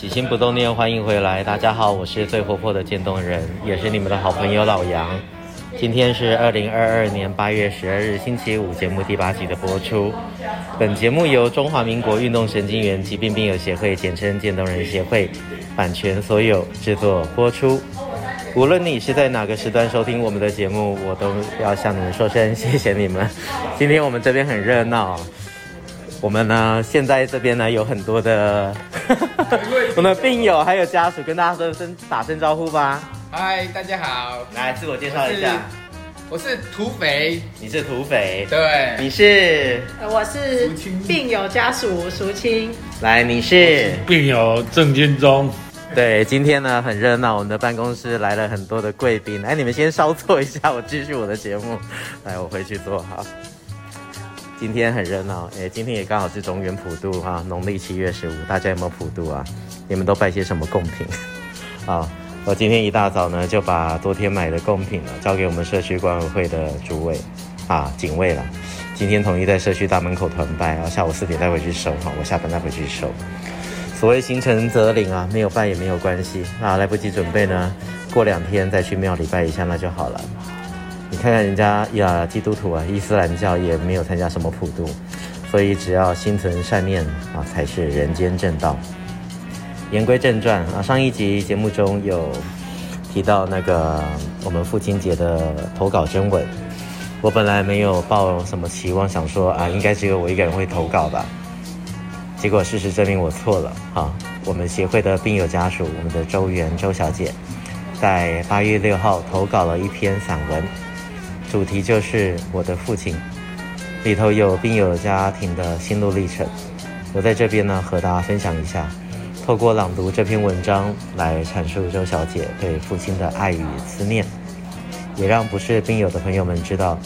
起心不凍念，歡迎回來，大家好，我是最活潑的漸凍人，也是你們的好朋友老楊。今天是二零二二年八月十二日星期五，節目第八集的播出。本節目由中華民國運動神經元疾病病友協會（簡稱漸凍人協會）版權所有，制作播出。無論你是在哪個時段收聽我們的節目，我都要向你們說聲謝謝你們。今天我們這邊很熱鬧。我們呢，現在這邊呢有很多的 我們病友還有家屬，跟大家說聲打聲招呼吧。嗨，大家好，來自我介紹一下我，我是土匪，你是土匪，對，你是，我是病友家屬蘇青，來你是病友鄭軍忠， 對，今天呢很熱鬧，我們的辦公室來了很多的貴賓，哎，你們先稍坐一下，我繼續我的節目， 來，我回去坐好今天很熱鬧，哎、欸，今天也剛好是中元普渡哈，農、啊、歷七月十五，大家有沒有普渡啊？你們都拜些什麼供品？啊，我今天一大早呢，就把昨天買的供品呢、啊，交給我們社區管委會的諸位啊，警衛了。今天統一在社區大門口團拜，然、啊、後下午四點再回去收哈、啊，我下班再回去收。所謂心誠則靈啊，沒有拜也沒有關係啊，來不及準備呢，過兩天再去廟裡拜一下那就好了。你看看人家呀、啊，基督徒啊，伊斯蘭教也沒有參加什麼普渡，所以只要心存善念啊，才是人間正道。言歸正傳啊，上一集節目中有提到那個我們父親節的投稿徵文，我本來沒有抱什麼期望，想說啊，應該只有我一個人會投稿吧。結果事實證明我錯了哈、啊，我們協會的病友家屬，我們的周元周小姐，在八月六號投稿了一篇散文。主題就是我的父親，裡頭有病友家庭的心路歷程。我在這邊呢，和大家分享一下，透過朗讀這篇文章來闡述周小姐對父親的愛與思念，也讓不是病友的朋友們知道，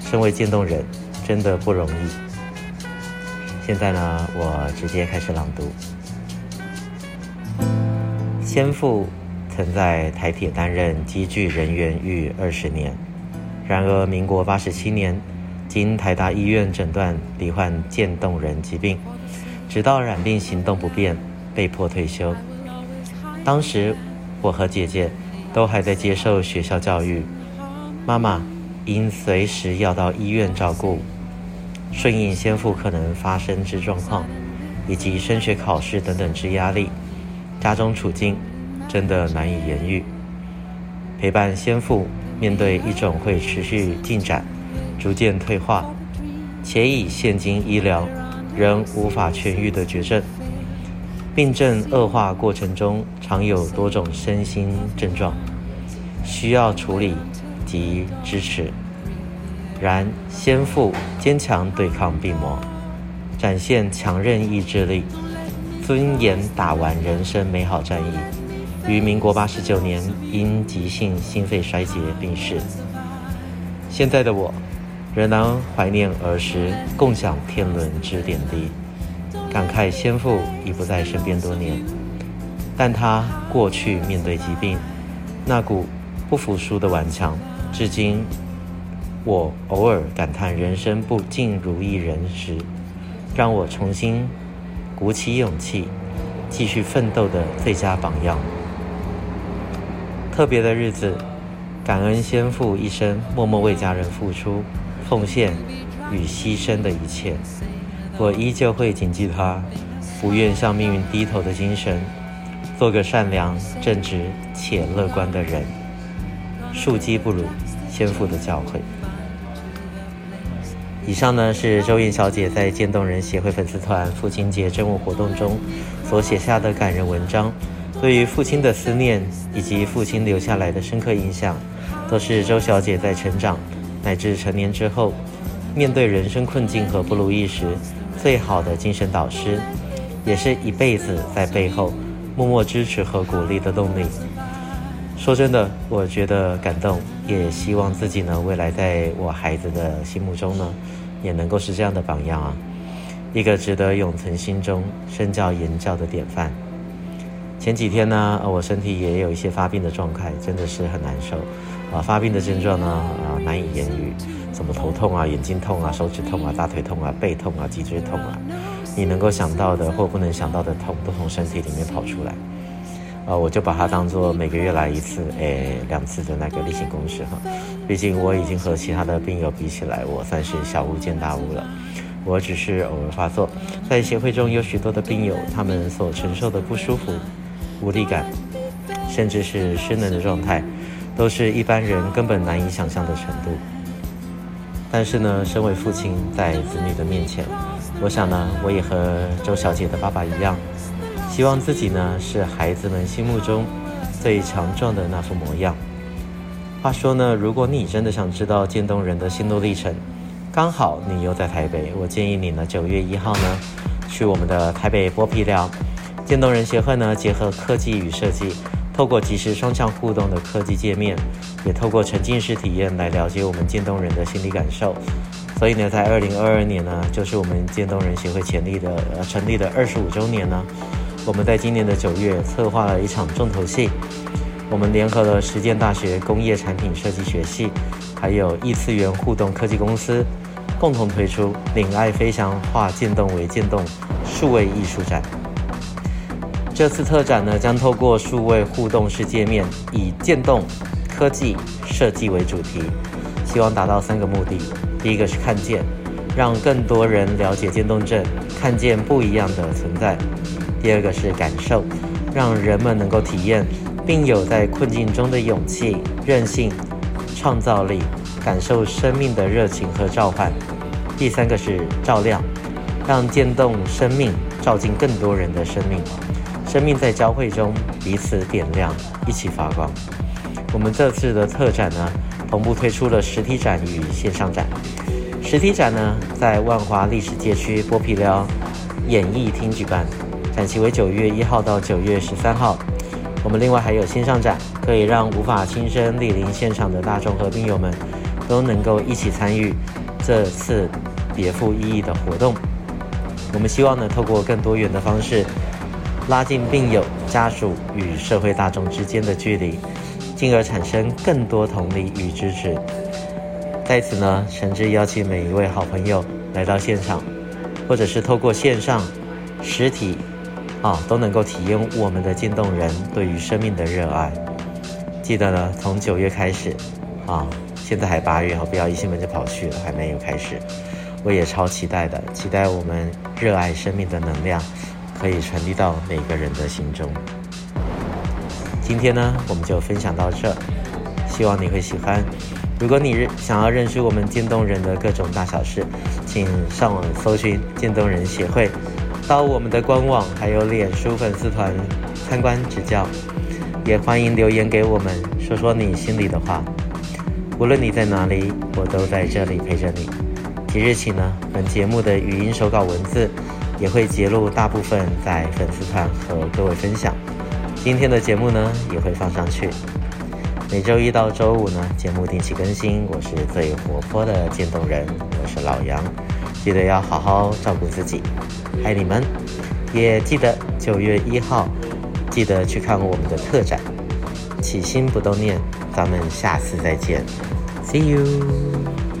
身為漸凍人真的不容易。現在呢，我直接開始朗讀。先父曾在台鐵擔任機具人員逾二十年。然而，民國八十七年，經台大醫院診斷罹患漸凍人疾病，直到染病行動不便，被迫退休。當時我和姐姐都還在接受學校教育，媽媽因隨時要到醫院照顧，順應先父可能發生之狀況，以及升學考試等等之壓力，家中處境真的難以言喻。陪伴先父。面對一種會持續進展、逐漸退化，且以現今醫療仍無法痊癒的絕症，病症惡化過程中常有多種身心症狀需要處理及支持。然先父堅強對抗病魔，展現強韌意志力，尊嚴打完人生美好戰役。於民國八十九年因急性心肺衰竭病逝。現在的我，仍然懷念兒時共享天倫之點滴，感慨先父已不在身邊多年。但他過去面對疾病那股不服輸的頑強，至今我偶爾感嘆人生不盡如意人時，讓我重新鼓起勇氣繼續奮鬥的最佳榜樣。特別的日子，感恩先父一生默默為家人付出、奉獻與犧牲的一切。我依舊會謹記他不願向命運低頭的精神，做個善良、正直且樂觀的人。庶幾不辱先父的教誨。以上呢是周韻小姐在漸凍人協會粉絲團父親節徵文活動中所寫下的感人文章。對於父親的思念，以及父親留下來的深刻印象，都是周小姐在成長，乃至成年之後，面對人生困境和不如意時，最好的精神導師，也是一輩子在背後默默支持和鼓勵的動力。說真的，我覺得感動，也希望自己呢，未來在我孩子的心目中呢，也能夠是這樣的榜樣啊，一個值得永存心中、身教言教的典範。前幾天呢，我身體也有一些發病的狀態，真的是很難受，啊，發病的症狀呢，啊，難以言喻，什麼頭痛啊，眼睛痛啊，手指痛啊，大腿痛啊，背痛啊，脊椎痛啊，你能夠想到的或不能想到的痛，都從身體裡面跑出來，啊，我就把它當做每個月來一次，誒、哎，兩次的那個例行公事哈，畢竟我已經和其他的病友比起來，我算是小巫見大巫了，我只是偶爾發作，在協會中有許多的病友，他們所承受的不舒服。無力感，甚至是失能的狀態，都是一般人根本難以想象的程度。但是呢，身為父親，在子女的面前，我想呢，我也和周小姐的爸爸一樣，希望自己呢是孩子們心目中最強壯的那副模樣。話說呢，如果你真的想知道漸凍人的心路歷程，剛好你又在台北，我建議你呢，九月一號呢，去我們的台北剝皮寮。漸凍人協會呢，結合科技與設計，透過即時雙向互動的科技界面，也透過沉浸式體驗來了解我們漸凍人的心理感受。所以呢，在二零二二年呢，就是我們漸凍人協會、呃、成立的呃成立的二十五週年呢，我們在今年的九月策劃了一場重頭戲，我們聯合了實踐大學工業產品設計學系，還有藝次元互動科技公司，共同推出“領愛飛翔，化漸凍為見動”數位藝術展。這次特展呢，將透過數位互動式介面，以漸凍科技設計為主題，希望達到三個目的：第一個是看見，讓更多人了解漸凍症，看見不一樣的存在；第二個是感受，讓人們能夠體驗，病友在困境中的勇氣、韌性、創造力，感受生命的熱情和召喚；第三個是照亮，讓漸凍生命照進更多人的生命。生命在交匯中彼此點亮，一起發光。我們這次的特展呢，同步推出了實體展與線上展。實體展呢，在萬華歷史街區剝皮寮演藝廳舉辦，展期為九月一號到九月十三號。我們另外還有線上展，可以讓無法親身蒞臨現場的大眾和病友們都能夠一起參與這次別富意義的活動。我們希望呢，透過更多元的方式。拉近病友、家屬與社會大眾之間的距離，進而產生更多同理與支持。在此呢，誠摯邀請每一位好朋友來到現場，或者是透過線上、實體，啊，都能夠體驗我們的漸凍人對於生命的熱愛。記得呢，從九月開始，啊，現在還八月，不要一興奮就跑去了，還沒有開始，我也超期待的，期待我們熱愛生命的能量。可以傳遞到每個人的心中。今天呢，我們就分享到這，希望你會喜歡。如果你想要認識我們漸凍人的各種大小事，請上網搜尋漸凍人協會，到我們的官網還有臉書粉絲團參觀指教。也歡迎留言給我們，說說你心裡的話。無論你在哪裡，我都在這裡陪着你。即日起呢，本節目的語音手稿文字。也會截錄大部分在粉絲團和各位分享。今天的節目呢，也會放上去。每周一到周五呢，節目定期更新。我是最活潑的漸凍人，我是老楊，記得要好好照顧自己，愛你們。也記得九月一號，記得去看我們的特展。起心不凍念，咱們下次再見。See you。